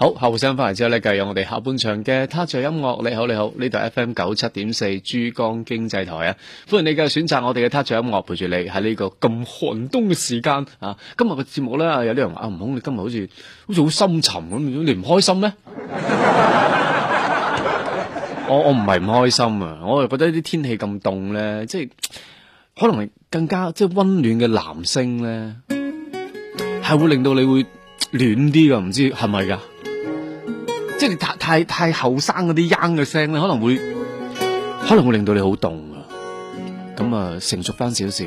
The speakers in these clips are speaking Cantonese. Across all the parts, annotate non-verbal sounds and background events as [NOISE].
好，後生翻嚟之後呢，繼續我哋下半場嘅 Touch 音樂。你好，你好，呢度 F M 九七點四珠江經濟台啊！歡迎你繼續選擇，我哋嘅 Touch 音樂陪住你喺呢個咁寒冬嘅時間啊！今日嘅節目咧，有啲人話，唔、啊、好，你今日好似好似好深沉咁，你唔開心咩？ [LAUGHS] 我我唔係唔開心啊！我又覺得氣呢啲天氣咁凍咧，即係可能更加即係溫暖嘅男聲咧，係會令到你會暖啲噶，唔知係咪噶？是即係太太太後生嗰啲 young 嘅聲咧，可能會可能會令到你好凍啊！咁啊成熟翻少少。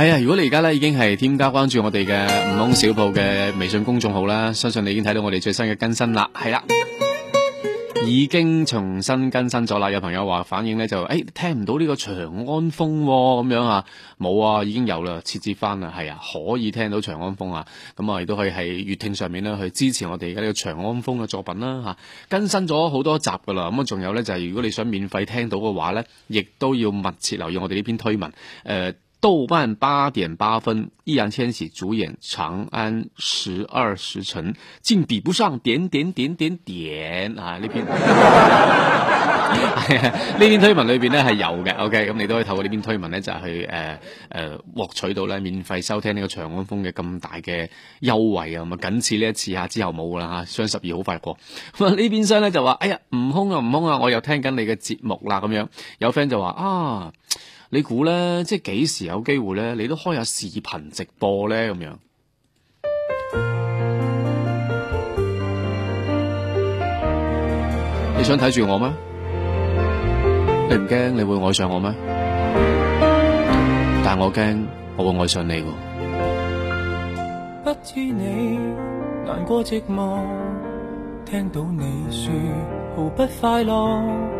係、哎、啊！如果你而家咧已經係添加關注我哋嘅悟空小鋪嘅微信公眾號啦，相信你已經睇到我哋最新嘅更新啦。係啦，已經重新更新咗啦。有朋友話反映咧就，誒、哎、聽唔到呢個長安風咁、哦、樣啊？冇啊，已經有啦，設置翻，啦，係啊，可以聽到長安風啊。咁啊，亦都可以喺粵聽上面咧去支持我哋而家呢個長安風嘅作品啦。吓，更新咗好多集噶啦。咁啊，仲有咧就係、是、如果你想免費聽到嘅話咧，亦都要密切留意我哋呢篇推文誒。呃豆瓣八點八分，易烊千璽主演《長安十二時辰》竟比不上點點點點點啊！呢邊係啊，呢 [LAUGHS] 篇 [LAUGHS] 推文裏邊呢係有嘅。OK，咁你都可以透過呢篇推文呢就是、去誒誒、呃呃、獲取到咧免費收聽呢個《長安風》嘅咁大嘅優惠啊！咁啊，僅此呢一次啊，之後冇啦吓。雙、啊、十二好快過，咁呢邊先呢就話：哎呀，悟空啊，悟空啊，我又聽緊你嘅節目啦！咁樣有 friend 就話啊。你估呢？即係幾時有機會呢？你都開下視頻直播呢？咁樣。 [MUSIC] 你想睇住我咩？你唔驚你會愛上我咩？但我驚我會愛上你噶、啊、不知你難過寂寞，聽到你說毫不快樂。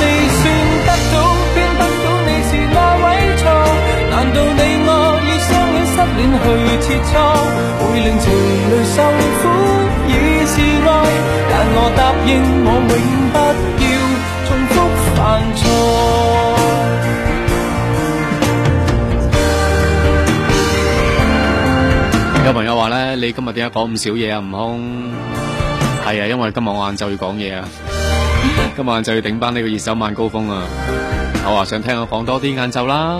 有朋友話咧，你今日點解講咁少嘢啊？悟空，係啊，因為今日我晏晝要講嘢啊，今晚就要頂班呢個熱手晚高峰啊。我話想聽我講多啲晏晝啦。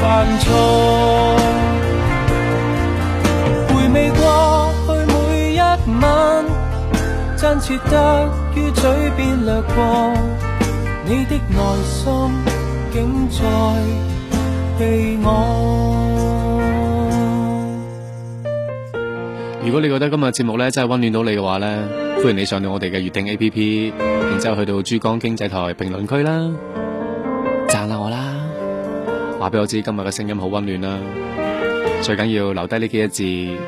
犯錯回味過去每一晚真切得於嘴邊掠過你的內心竟在被我，竟。如果你覺得今日節目咧真係温暖到你嘅話咧，歡迎你上到我哋嘅粵聽 A P P，然之後去到珠江經濟台評論區啦。話畀我知今日嘅聲音好溫暖啦、啊，最緊要留低呢幾個字，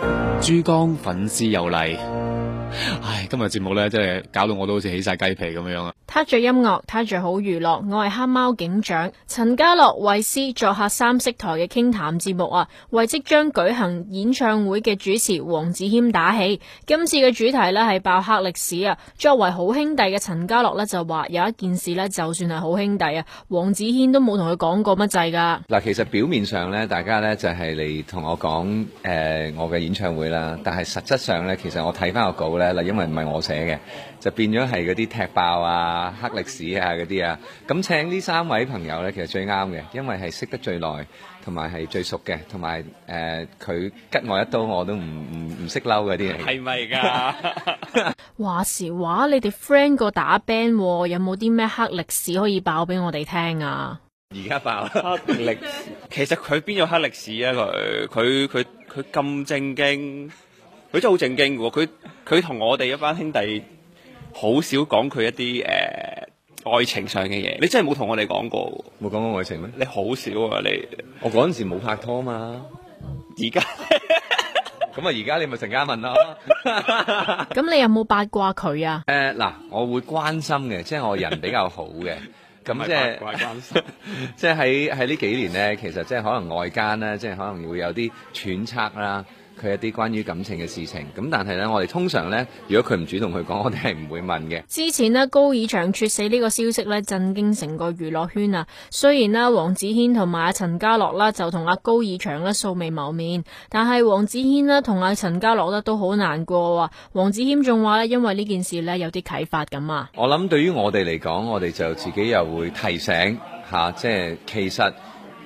珠江粉絲有嚟，唉，今日節目咧真係搞到我都好似起晒雞皮咁樣啊！聽着音樂，聽着好娛樂。我係黑貓警長陳家樂，為師作客三色台嘅傾談節目啊，為即將舉行演唱會嘅主持王梓軒打氣。今次嘅主題呢係爆黑歷史啊！作為好兄弟嘅陳家樂呢，就話有一件事呢，就算係好兄弟啊，王梓軒都冇同佢講過乜滯噶。嗱，其實表面上呢，大家呢就係嚟同我講誒、呃，我嘅演唱會啦。但係實質上呢，其實我睇翻個稿呢，嗱，因為唔係我寫嘅，就變咗係嗰啲踢爆啊！啊，黑歷史啊，嗰啲啊，咁請呢三位朋友咧，其實最啱嘅，因為係識得最耐，同埋係最熟嘅，同埋誒佢吉我一刀我都唔唔唔識嬲嘅啲嘢，係咪㗎？話時話你哋 friend 個打 Band，有冇啲咩黑歷史可以爆俾我哋聽啊？而家爆黑歷史，其實佢邊有黑歷史啊？佢佢佢佢咁正經，佢真係好正經嘅喎。佢佢同我哋一班兄弟。好少講佢一啲誒、呃、愛情上嘅嘢，你真係冇同我哋講過，冇講過愛情咩？你好少啊，你我嗰陣時冇拍拖嘛，而家咁啊，而家你咪成家問我咯。咁 [LAUGHS] 你有冇八卦佢啊？誒，嗱，我會關心嘅，即係我人比較好嘅，咁即係即係喺喺呢幾年咧，其實即係可能外間咧，即係可能會有啲揣測啦。佢一啲關於感情嘅事情，咁但係呢，我哋通常呢，如果佢唔主動去講，我哋係唔會問嘅。之前呢，高以翔猝死呢個消息呢，震驚成個娛樂圈啊！雖然呢，王子軒同埋阿陳家樂啦，就同阿高以翔咧素未謀面，但係王子軒呢，同阿陳家樂呢，都好難過。王子軒仲話呢，因為呢件事呢，有啲啟發咁啊。我諗對於我哋嚟講，我哋就自己又會提醒吓，即係其實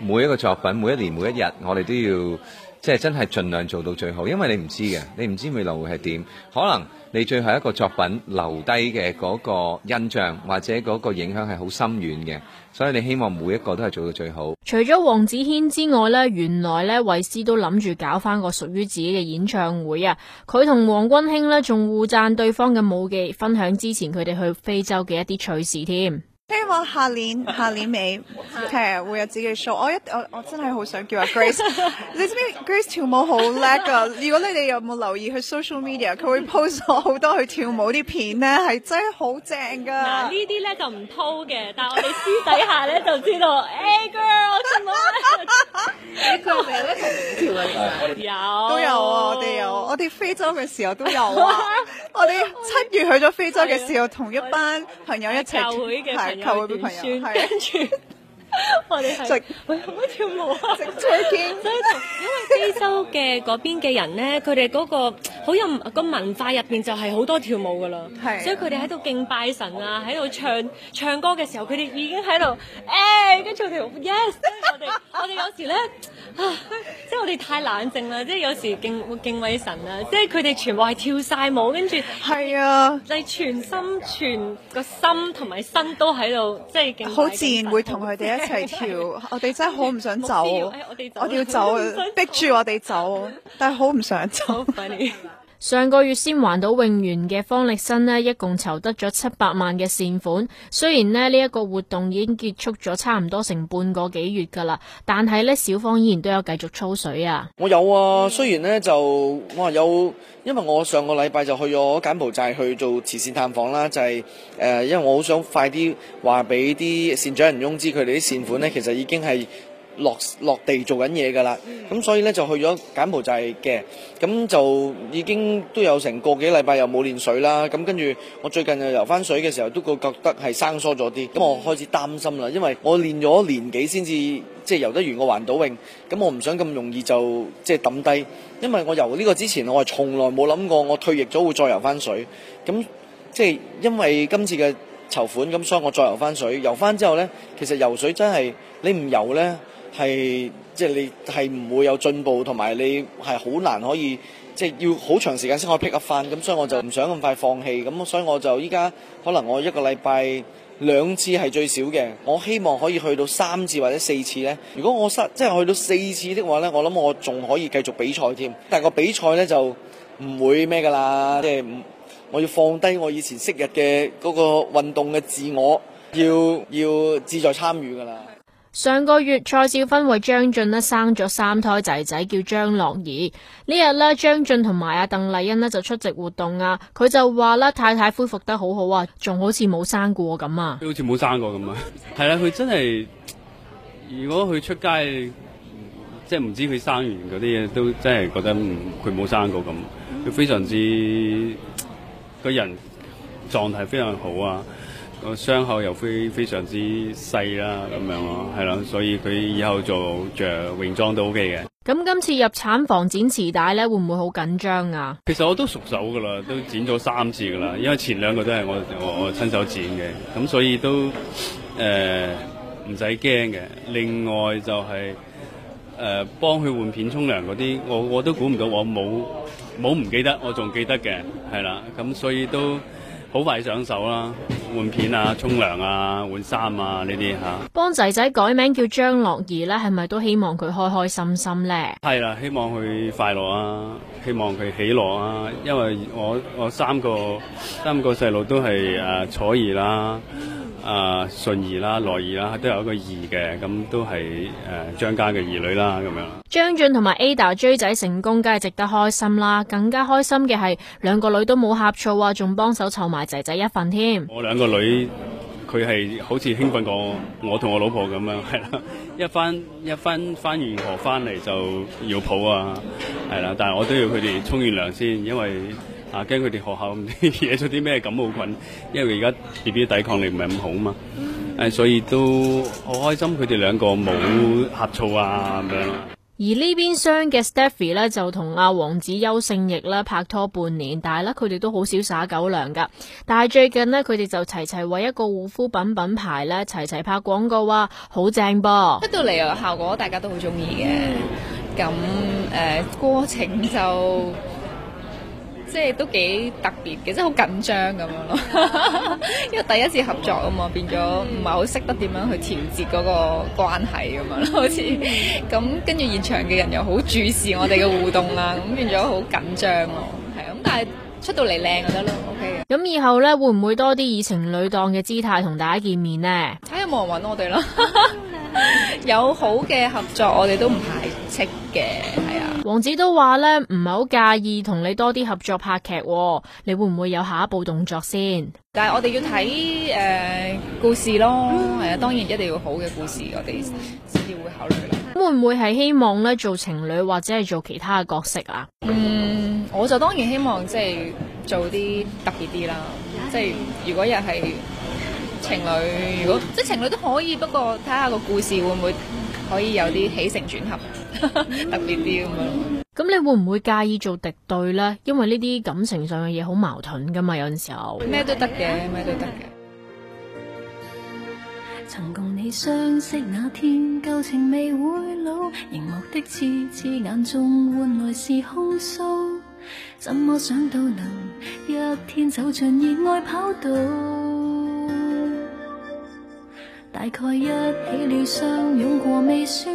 每一個作品、每一年、每一日，我哋都要。即係真係盡量做到最好，因為你唔知嘅，你唔知未來會係點。可能你最後一個作品留低嘅嗰個印象或者嗰個影響係好深遠嘅，所以你希望每一個都係做到最好。除咗王子軒之外呢，原來呢，衞詩都諗住搞返個屬於自己嘅演唱會啊！佢同黃君興呢，仲互讚對方嘅武技，分享之前佢哋去非洲嘅一啲趣事添。希望下年下年尾係會有自己 show，我一我我真係好想叫阿 Grace， [LAUGHS] 你知唔知 [LAUGHS] Grace 跳舞好叻噶？如果你哋有冇留意佢 social media，佢會 post 好多佢跳舞啲片咧，係真係好正噶。嗱呢啲咧就唔偷嘅，但係我哋私底下咧就知道，誒、 [LAUGHS] 欸、，girl，咁我咧，哎，佢哋咧同唔同啊？有都有啊，我哋有， [LAUGHS] 我哋非洲嘅時候都有啊， [LAUGHS] 我哋七月去咗非洲嘅時候，同 [LAUGHS] 一班朋友一齊球嘅朋友，跟住我哋食，喂，可以跳舞啊！食炊煙，所以因為非洲嘅嗰邊嘅人咧，佢哋嗰個。好有個文化入面就係好多跳舞噶啦，啊，所以佢哋喺度敬拜神啊，喺度唱唱歌嘅時候，佢哋已經喺度誒跟住條 yes [LAUGHS] 我。我哋我哋有時咧，即係我哋太冷靜啦，即係有時敬敬畏神啊，即係佢哋全部係跳晒舞，跟住係啊，係、就係、全心全個心同埋身都喺度，即係敬好自然會同佢哋一齊跳。 [LAUGHS] 我哋真係好唔想走，哎、我哋要走， [LAUGHS] 走，逼住我哋走， [LAUGHS] 但係好唔想走。 [LAUGHS] [LAUGHS] 上個月先還到永元嘅方力申呢，一共籌得咗七百萬嘅善款。雖然呢一、這個活動已經結束咗差唔多成半個幾月噶啦，但係呢小方依然都有繼續抽水啊。我有啊，雖然呢就我話有，因為我上個禮拜就去咗柬埔寨去做慈善探訪啦，就係、是、誒、呃，因為我好想快啲話俾啲善長人翁知佢哋啲善款呢，其實已經係。落落地做緊嘢噶啦，咁所以咧就去咗柬埔寨嘅，咁就已經都有成個幾禮拜又冇練水啦。咁跟住我最近又游翻水嘅時候，都會覺得係生疏咗啲。咁我開始擔心啦，因為我練咗年幾先至即係遊游得完個環島泳，咁我唔想咁容易就即係抌低。因為我游呢個之前，我係從來冇諗過我退役咗會再游翻水。咁即係因為今次嘅籌款，咁所以我再游翻水。游翻之後咧，其實游水真係你唔游咧。係即係你係唔會有進步，同埋你係好難可以即係、就是、要好長時間先可以 pick up 翻，咁所以我就唔想咁快放棄，咁所以我就依家可能我一個禮拜兩次係最少嘅，我希望可以去到三次或者四次呢。如果我失即係去到四次的話呢，我諗我仲可以繼續比賽添。但係個比賽呢，就唔會咩㗎啦，即係我要放低我以前昔日嘅嗰個運動嘅自我，要要志在參與㗎啦。上個月蔡少芬為張晉咧生咗三胎仔仔，叫張樂兒。呢日咧張晉同埋阿鄧麗欣咧就出席活動啊。佢就話咧太太恢復得好好啊，仲好似冇生過咁啊。佢好似冇生過咁啊。係啦，佢真係如果佢出街，即係唔知佢生完嗰啲嘢，都真係覺得佢冇生過咁。佢非常之個人狀態非常好啊。個傷口又非非常之細啦，咁樣咯，係啦，所以佢以後做着泳裝都 OK 嘅。咁今次入產房剪臍帶咧，會唔會好緊張啊？其實我都熟手噶啦，都剪咗三次噶啦，因為前兩個都係我我我親手剪嘅，咁所以都誒唔使驚嘅。另外就係誒幫佢換片沖涼嗰啲，我我都估唔到我冇冇唔記得，我仲記得嘅，係啦，咁所以都。好快上手啦，換片啊、沖涼啊、換衫啊呢啲嚇。幫仔仔改名叫張樂兒咧，係咪都希望佢開開心心咧？係啦，希望佢快樂啊，希望佢喜樂啊，因為我我三個三個細路都係誒、啊、楚兒啦。啊、呃、順兒啦，內兒啦，都有一個兒嘅，咁都係誒張家嘅兒女啦，咁樣。張俊同埋 Ada 追仔成功梗係值得開心啦，更加開心嘅係兩個女都冇呷醋啊，仲幫手湊埋仔仔一份添。我兩個女，佢係好似興奮過我同我，我老婆咁樣，係啦，一翻一翻翻完河翻嚟，就要抱啊，係啦，但係我都要佢哋沖完涼先，因為。啊！驚佢哋學校惹咗啲咩感冒菌，因為而家 B B 抵抗力唔係咁好嘛。誒、嗯啊，所以都好開心，佢哋兩個冇呷醋啊咁、嗯、樣。而呢邊廂嘅 Stephy 咧，就同阿王子邱勝翊啦拍拖半年，但係咧佢哋都好少撒狗糧噶。但係最近呢，佢哋就齊齊為一個護膚品品牌咧齊齊拍廣告啊，好正噃！出到嚟啊，效果大家都好中意嘅。咁誒過程就～ [LAUGHS] 即係都幾特別嘅，即係好緊張咁樣咯，因為第一次合作啊嘛，變咗唔係好識得點樣去調節嗰個關係咁樣咯，好似咁跟住現場嘅人又好注視我哋嘅互動啊，咁變咗好緊張咯，係啊，咁但係出到嚟靚就得咯，OK 嘅。咁以後呢，會唔會多啲以情侶檔嘅姿態同大家見面呢？睇下冇人揾我哋咯， [LAUGHS] 有好嘅合作我哋都唔排斥嘅。王子都話咧唔係好介意同你多啲合作拍劇，你會唔會有下一步動作先？但係我哋要睇誒、呃、故事咯，係啊，當然一定要好嘅故事，我哋先至會考慮。會唔會係希望咧做情侶或者係做其他嘅角色啊？嗯，我就當然希望即係做啲特別啲啦。即係如果又係情侶，如果即係情侶都可以，不過睇下個故事會唔會可以有啲起承轉合。特別啲咁咯，咁你會唔會介意做敵對呢？因為呢啲感情上嘅嘢好矛盾噶嘛，有陣時候咩都得嘅，咩都得嘅。曾共你相識那天，舊情未會老，凝眸的痴痴眼中，換來是空訴。怎麼想到能一天走進熱愛跑道？大概一起了，相擁過未算。